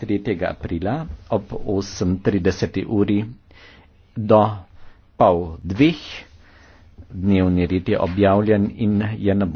3. aprila ob 8.30 uri do pol dveh. Dnevni red je objavljen in je na bo.